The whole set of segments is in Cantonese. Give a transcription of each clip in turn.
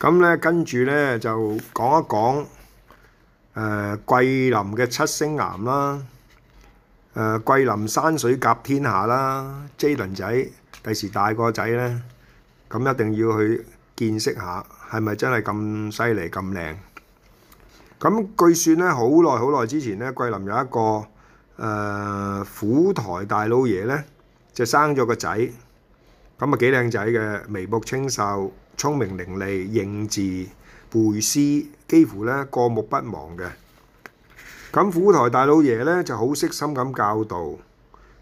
咁咧，跟住咧就講一講誒、呃、桂林嘅七星岩啦，誒、呃、桂林山水甲天下啦，Jaden 仔第時大個仔咧，咁、嗯、一定要去見識下，係咪真係咁犀利咁靚？咁、嗯、據說咧，好耐好耐之前咧，桂林有一個誒、呃、府台大老爺咧，就生咗個仔，咁啊幾靚仔嘅眉目清秀。聰明伶俐，認字背詩，幾乎咧過目不忘嘅。咁府台大老爺咧就好悉心咁教導，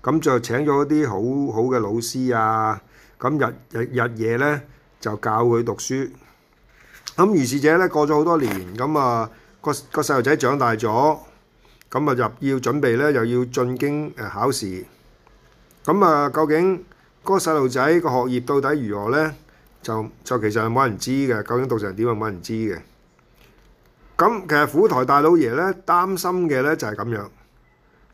咁就請咗啲好好嘅老師啊，咁日日日夜咧就教佢讀書。咁於是者咧過咗好多年，咁啊個個細路仔長大咗，咁啊入要準備咧又要進京誒考試。咁啊，究竟嗰個細路仔個學業到底如何咧？就就其實冇人知嘅，究竟讀成點啊，冇人知嘅。咁其實府台大老爺咧擔心嘅咧就係咁樣，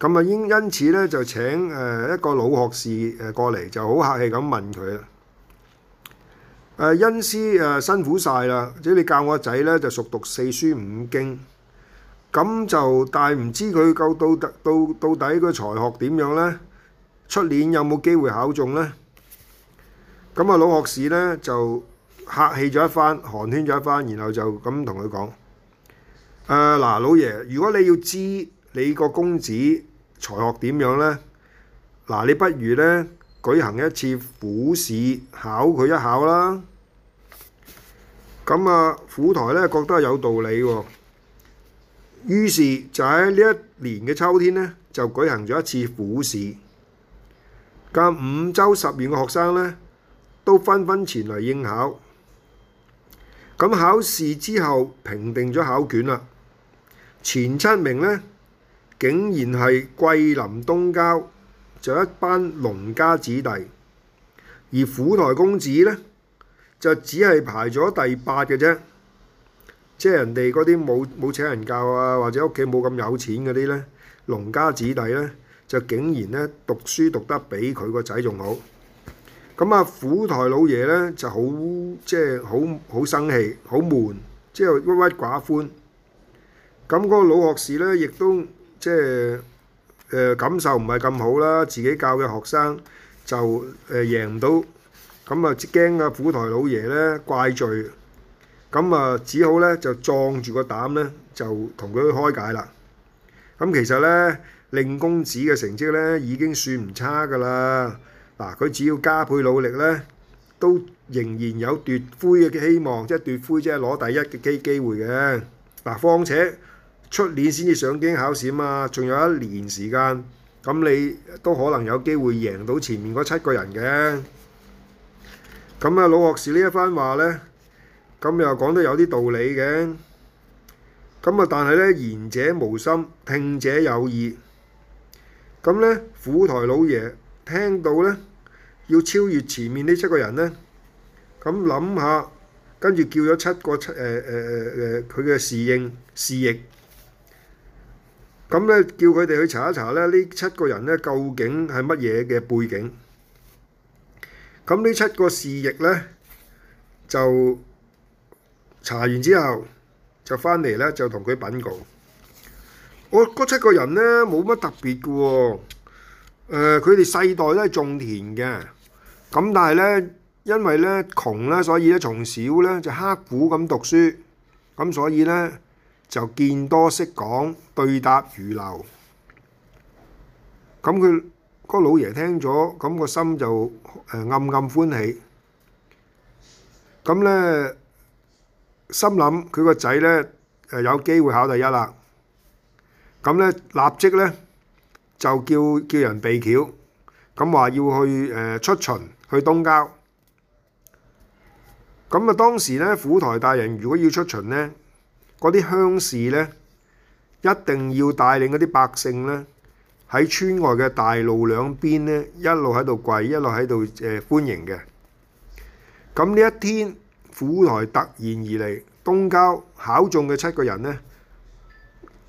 咁啊因因此咧就請誒一個老學士誒過嚟，就好客氣咁問佢啦。誒，恩師，誒辛苦曬啦，即係你教我仔咧就熟讀四書五經，咁就但係唔知佢究到到到底個才學點樣咧？出年有冇機會考中咧？咁啊，老學士咧就客氣咗一番，寒暄咗一番，然後就咁同佢講：誒、呃、嗱，老爺，如果你要知你個公子才學點樣咧，嗱、呃，你不如咧舉行一次府試考佢一考啦。咁、呃、啊，府台咧覺得有道理喎、哦，於是就喺呢一年嘅秋天咧就舉行咗一次府試，間五州十二嘅學生咧，都紛紛前來應考，咁考試之後評定咗考卷啦。前七名呢，竟然係桂林東郊就一班農家子弟，而虎台公子呢，就只係排咗第八嘅啫。即係人哋嗰啲冇冇請人教啊，或者屋企冇咁有錢嗰啲呢，農家子弟呢，就竟然呢讀書讀得比佢個仔仲好。咁啊，府台老爺咧就好，即係好好生氣，好悶，即係鬱鬱寡歡。咁嗰、那個老學士咧，亦都即係誒感受唔係咁好啦，自己教嘅學生就誒、呃、贏唔到，咁啊，驚啊！府台老爺咧怪罪，咁啊，只好咧就壯住個膽咧，就同佢開解啦。咁其實咧，令公子嘅成績咧已經算唔差㗎啦。嗱，佢只要加倍努力咧，都仍然有奪魁嘅希望，即係奪魁即係攞第一嘅機機會嘅。嗱，況且出年先至上京考試啊嘛，仲有一年時間，咁你都可能有機會贏到前面嗰七個人嘅。咁啊，老學士呢一番話咧，咁又講得有啲道理嘅。咁啊，但係咧，言者無心，聽者有意。咁咧，府台老爺聽到咧。要超越前面呢七個人咧，咁諗下，跟住叫咗七個七，誒誒誒誒佢嘅侍應侍役，咁咧叫佢哋去查一查咧，呢七個人咧究竟係乜嘢嘅背景？咁呢七個侍役咧就查完之後就翻嚟咧，就同佢禀告。我嗰七個人咧冇乜特別嘅喎，誒佢哋世代都係種田嘅。咁但係咧，因為咧窮咧，所以咧從小咧就刻苦咁讀書，咁所以咧就見多識廣，對答如流。咁佢個老爺聽咗，咁個心就誒暗暗歡喜。咁咧心諗佢個仔咧誒有機會考第一啦。咁咧立即咧就叫叫人備轎，咁話要去誒出巡。去東郊，咁啊當時咧，府台大人如果要出巡咧，嗰啲鄉士咧，一定要帶領嗰啲百姓咧，喺村外嘅大路兩邊咧，一路喺度跪，一路喺度誒歡迎嘅。咁呢一天，府台突然而嚟，東郊考中嘅七個人咧，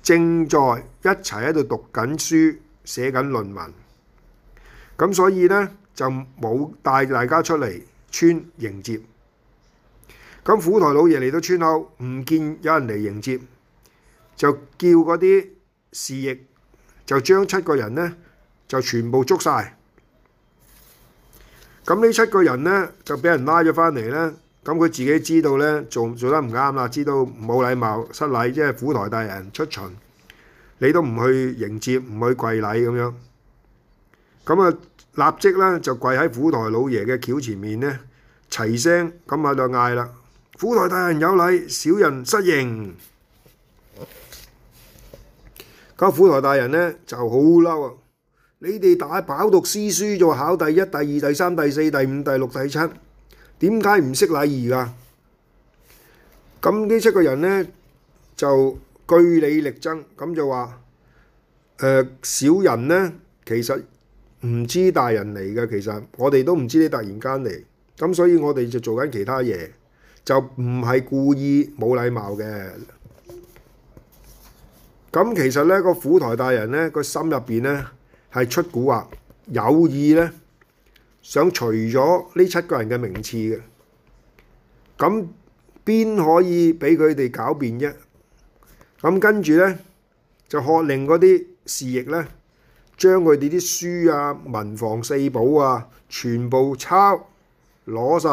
正在一齊喺度讀緊書、寫緊論文，咁所以咧，就冇帶大家出嚟村迎接，咁府台老爺嚟到村口，唔見有人嚟迎接，就叫嗰啲侍役，就將七個人呢就全部捉晒。咁呢七個人呢就俾人拉咗返嚟呢，咁佢自己知道呢做做得唔啱啦，知道冇禮貌失禮，即係府台大人出巡，你都唔去迎接，唔去跪禮咁樣，咁啊～立即啦，就跪喺府台老爺嘅轎前面咧，齊聲咁喺度嗌啦：府台大人有禮，小人失儀。咁府台大人咧就好嬲啊！你哋打飽讀詩書，就考第一、第二、第三、第四、第五、第六、第七，點解唔識禮儀㗎？咁呢七個人咧就據理力爭，咁就話：誒小人咧，其實...唔知大人嚟嘅，其實我哋都唔知你突然間嚟，咁所以我哋就做緊其他嘢，就唔係故意冇禮貌嘅。咁其實咧，個府台大人咧，個心入邊咧係出蠱惑，有意咧想除咗呢七個人嘅名次嘅，咁邊可以俾佢哋狡辯啫？咁跟住咧就喝令嗰啲侍役咧。將佢哋啲書啊、文房四寶啊，全部抄攞晒，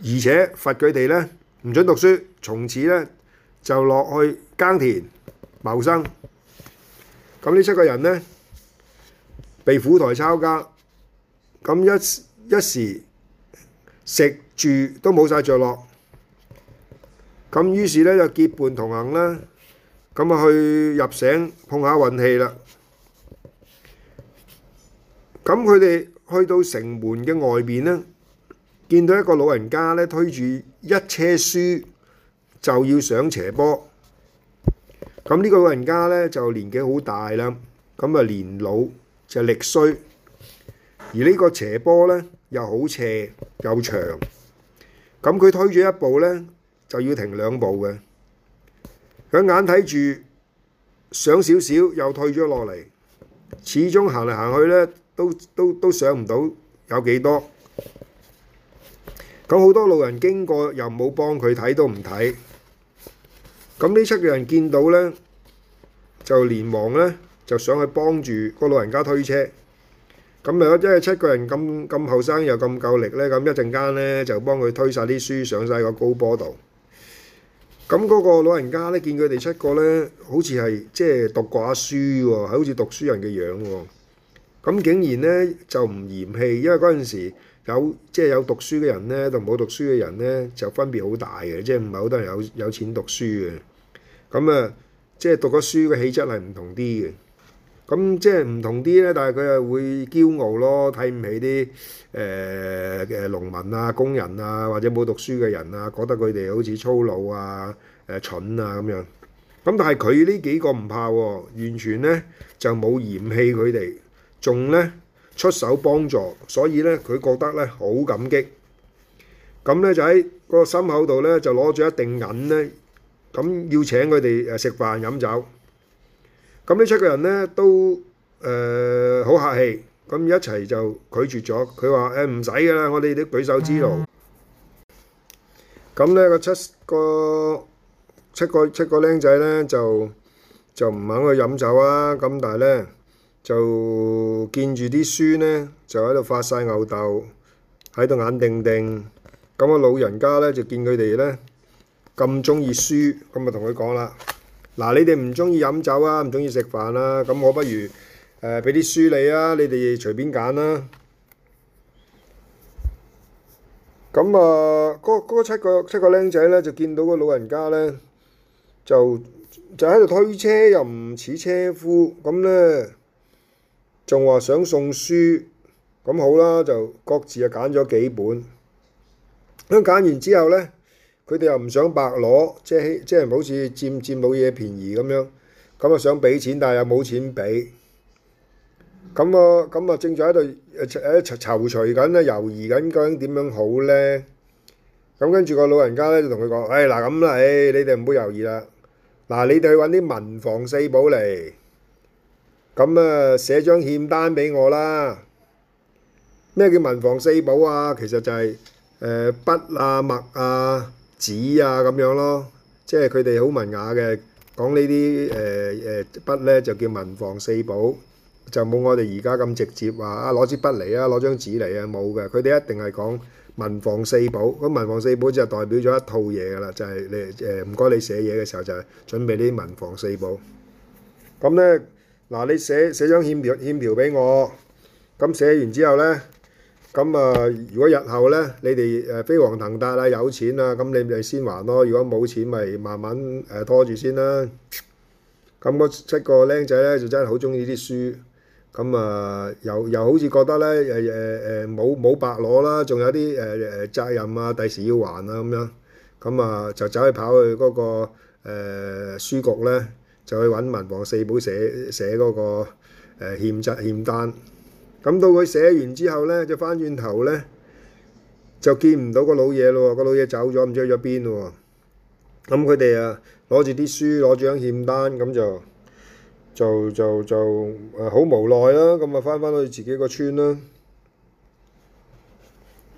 而且罰佢哋咧唔准讀書，從此咧就落去耕田謀生。咁呢七個人咧被府台抄家，咁一一時食住都冇晒着落，咁於是咧就結伴同行啦，咁啊去入城碰下運氣啦。咁佢哋去到城門嘅外邊咧，見到一個老人家咧推住一車書就要上斜坡。咁呢個老人家咧就年紀好大啦，咁啊年老就力衰，而呢個斜坡咧又好斜又長。咁佢推咗一步咧就要停兩步嘅，佢眼睇住想少少又退咗落嚟，始終行嚟行去咧。都都都想唔到有幾多？咁好多路人經過又冇幫佢，睇都唔睇。咁呢七個人見到咧，就連忙咧就上去幫住個老人家推車。咁咪即係七個人咁咁後生又咁夠力咧，咁一陣間咧就幫佢推曬啲書上曬個高坡度。咁嗰個老人家咧見佢哋七個咧，好似係即係讀過書喎，係好似讀書人嘅樣喎。咁竟然咧就唔嫌棄，因為嗰陣時有即係、就是、有讀書嘅人咧，同冇讀書嘅人咧就分別好大嘅，即係唔係好多人有有錢讀書嘅咁啊？即係、就是、讀咗書嘅氣質係唔同啲嘅。咁即係唔同啲咧，但係佢又會驕傲咯，睇唔起啲誒誒農民啊、工人啊或者冇讀書嘅人啊，覺得佢哋好似粗魯啊、誒蠢啊咁樣。咁但係佢呢幾個唔怕喎，完全咧就冇嫌棄佢哋。仲咧出手幫助，所以咧佢覺得咧好感激。咁咧就喺個心口度咧就攞咗一錠銀咧，咁要請佢哋誒食飯飲酒。咁呢七個人咧都誒好客氣，咁一齊就拒絕咗。佢話誒唔使㗎啦，我哋都舉手之勞。咁咧個七個七個七個僆仔咧就就唔肯去飲酒啊。咁但係咧。就見住啲書咧，就喺度發晒吽哣，喺度眼定定。咁個老人家咧就見佢哋咧咁中意書，咁咪同佢講啦：嗱，你哋唔中意飲酒啊，唔中意食飯啊，咁我不如誒俾啲書你啊，你哋隨便揀啦。咁啊，嗰個七個七個僆仔咧就見到個老人家咧，就就喺度推車，又唔似車夫咁咧。仲話想送書，咁好啦，就各自啊揀咗幾本。咁揀完之後咧，佢哋又唔想白攞，即係即係好似佔佔冇嘢便宜咁樣，咁啊想俾錢，但係又冇錢俾。咁啊咁啊，正在喺度誒誒躊躊躇緊啦，猶豫緊究竟點樣好咧？咁跟住個老人家咧就同佢講：誒嗱咁啦，誒你哋唔好猶豫啦，嗱你哋去揾啲《文房四寶》嚟。咁啊，寫張欠單俾我啦。咩叫文房四寶啊？其實就係誒筆啊、墨啊、紙啊咁樣咯。即係佢哋好文雅嘅，講呢啲誒誒筆咧就叫文房四寶，就冇我哋而家咁直接話啊攞支筆嚟啊，攞張紙嚟啊冇嘅，佢哋一定係講文房四寶。咁文房四寶就代表咗一套嘢㗎啦，就係你誒唔該你寫嘢嘅時候就係準備啲文房四寶。咁咧。嗱，你寫寫張欠條欠條俾我，咁寫完之後咧，咁啊，如果日後咧，你哋誒飛黃騰達啦，有錢啦，咁你哋先還咯。如果冇錢，咪慢慢誒拖住先啦。咁嗰七個僆仔咧，就真係好中意啲書，咁啊，又又好似覺得咧誒誒誒冇冇白攞啦，仲有啲誒誒責任啊，第時要還啊咁樣，咁啊就走去跑去嗰個誒書局咧。就去揾文房四寶寫寫嗰個誒欠債欠單，咁到佢寫完之後咧，就翻轉頭咧就見唔到個老嘢咯喎，個老嘢走咗，唔知去咗邊咯喎，咁佢哋啊攞住啲書攞張欠單咁就就就就誒好無奈啦，咁啊翻返去自己個村啦，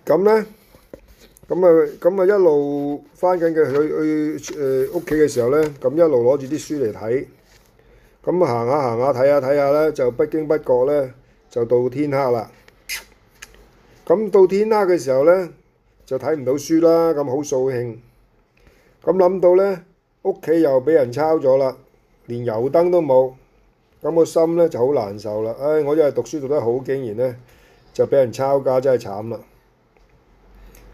咁咧。咁啊，咁啊一路翻緊佢去去誒屋企嘅時候咧，咁一路攞住啲書嚟睇，咁行下行下睇下睇下咧，就不經不覺咧就到天黑啦。咁到天黑嘅時候咧，就睇唔到書啦，咁好掃興。咁諗到咧，屋企又俾人抄咗啦，連油燈都冇，咁個心咧就好難受啦。唉，我因為讀書讀得好，竟然咧就俾人抄家，真係慘啦。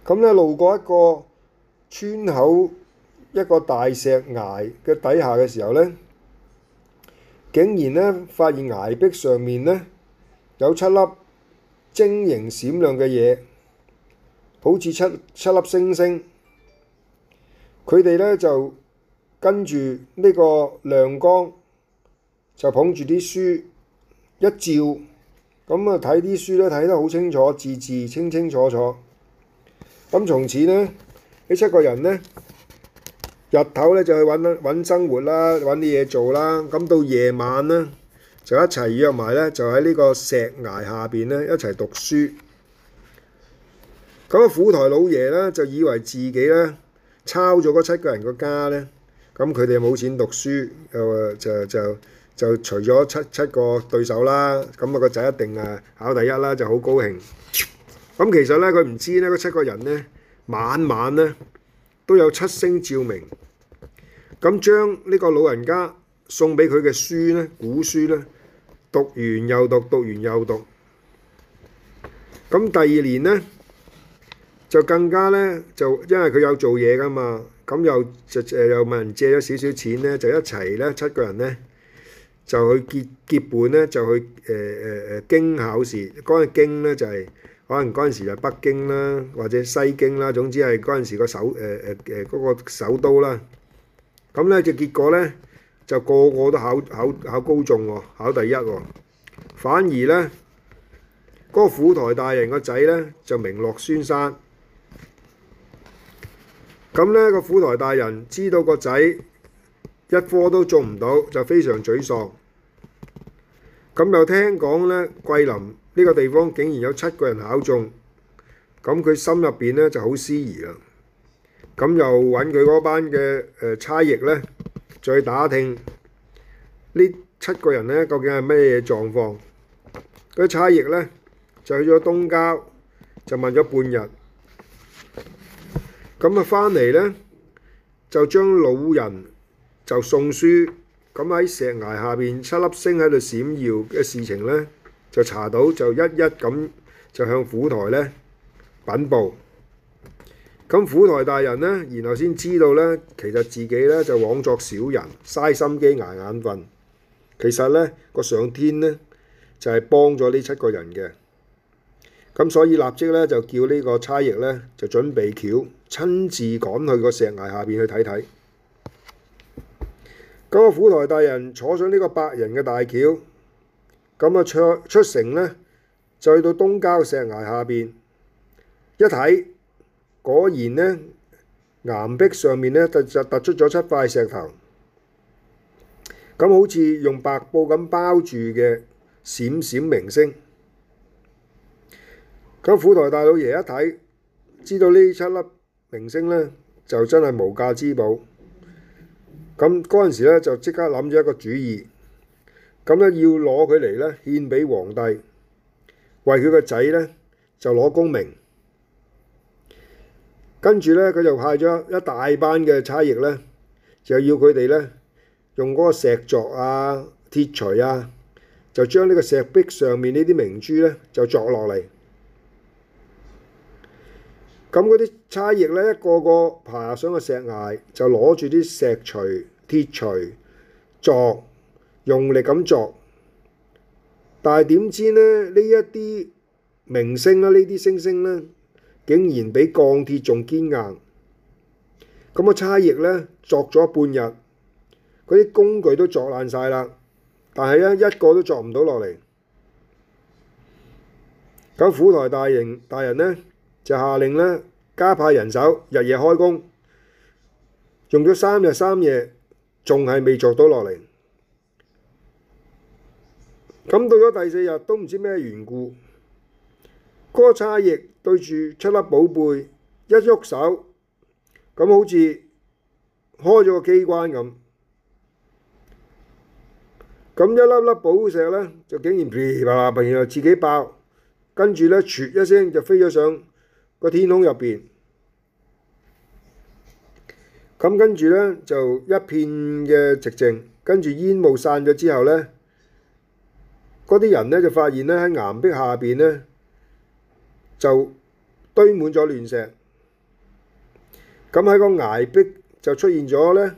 咁咧，路過一個村口一個大石崖嘅底下嘅時候咧，竟然咧發現崖壁上面咧有七粒晶瑩閃亮嘅嘢，好似七七粒星星。佢哋咧就跟住呢個亮光，就捧住啲書一照，咁啊睇啲書咧睇得好清楚，字字清清楚楚。咁從此咧，呢七個人咧，日頭咧就去揾揾生活啦，揾啲嘢做啦。咁到夜晚咧，就一齊約埋咧，就喺呢個石崖下邊咧一齊讀書。咁啊，府台老爺咧就以為自己咧抄咗嗰七個人個家咧，咁佢哋冇錢讀書，呃、就就就，就除咗七七個對手啦，咁、那、啊個仔一定啊考第一啦，就好高興。咁其實咧，佢唔知咧，嗰七個人咧晚晚咧都有七星照明。咁將呢個老人家送俾佢嘅書咧，古書咧讀完又讀，讀完又讀。咁第二年咧就更加咧，就因為佢有做嘢㗎嘛，咁又就誒又問人借咗少少錢咧，就一齊咧七個人咧就去結結伴咧，就去誒誒誒經考試嗰陣經咧就係。可能嗰陣時就北京啦，或者西京啦，總之係嗰陣時個首、呃呃那個首誒誒誒嗰個首都啦。咁咧就結果咧就個個都考考考高中喎、哦，考第一喎、哦。反而咧嗰、那個府台大人個仔咧就名落孫山。咁咧、那個府台大人知道個仔一科都做唔到，就非常沮喪。咁又聽講咧桂林。呢個地方竟然有七個人考中，咁佢心入邊咧就好思疑啦。咁又揾佢嗰班嘅誒、呃、差役咧，再打聽呢七個人咧究竟係咩嘢狀況。嗰啲差役咧就去咗東郊，就問咗半日。咁啊，返嚟咧就將老人就送書，咁喺石崖下邊七粒星喺度閃耀嘅事情咧。就查到就一一咁就向府台咧禀報，咁府台大人咧，然後先知道咧，其實自己咧就枉作小人，嘥心機捱眼瞓。其實咧個上天咧就係幫咗呢七個人嘅，咁所以立即咧就叫呢個差役咧就準備轎，親自趕去個石崖下邊去睇睇。咁府台大人坐上呢個八人嘅大轎。咁啊，出城咧，就去到東郊石崖下邊一睇，果然咧，岩壁上面咧突突突出咗七塊石頭，咁好似用白布咁包住嘅閃閃明星。咁府台大老爺一睇，知道呢七粒明星咧就真係無價之寶。咁嗰陣時咧就即刻諗咗一個主意。咁咧要攞佢嚟咧獻俾皇帝，為佢個仔咧就攞功名。跟住咧佢就派咗一大班嘅差役咧，就要佢哋咧用嗰個石鑿啊、鐵錘啊，就將呢個石壁上面呢啲明珠咧就鑿落嚟。咁嗰啲差役咧一個個爬上個石崖，就攞住啲石錘、鐵錘鑿。用力咁鑿，但係點知咧？呢一啲明星啦，呢啲星星咧，竟然比鋼鐵仲堅硬。咁、那個差役咧，鑿咗半日，嗰啲工具都鑿爛晒啦，但係咧一個都鑿唔到落嚟。咁府台大人大人咧就下令咧加派人手，日夜開工，用咗三日三夜，仲係未鑿到落嚟。咁到咗第四日都唔知咩緣故，個叉翼對住七粒寶貝一喐手，咁好似開咗個機關咁。咁一粒粒寶石咧，就竟然噼里啪啦，然後自己爆，跟住咧，唰一聲就飛咗上個天空入邊。咁跟住咧就一片嘅寂靜，跟住煙霧散咗之後咧。嗰啲人呢就發現呢喺岩壁下邊呢就堆滿咗亂石，咁喺個崖壁就出現咗呢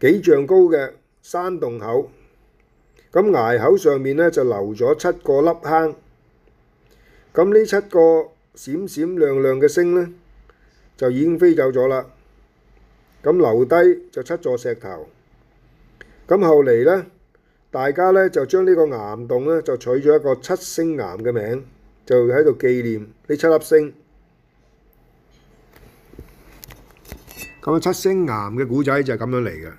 幾丈高嘅山洞口，咁崖口上面呢就留咗七個凹坑，咁呢七個閃閃亮亮嘅星呢就已經飛走咗啦，咁留低就七座石頭，咁後嚟呢。大家咧就將呢個岩洞咧就取咗一個七星岩嘅名，就喺度紀念呢七粒星。咁啊，七星岩嘅古仔就係咁樣嚟嘅。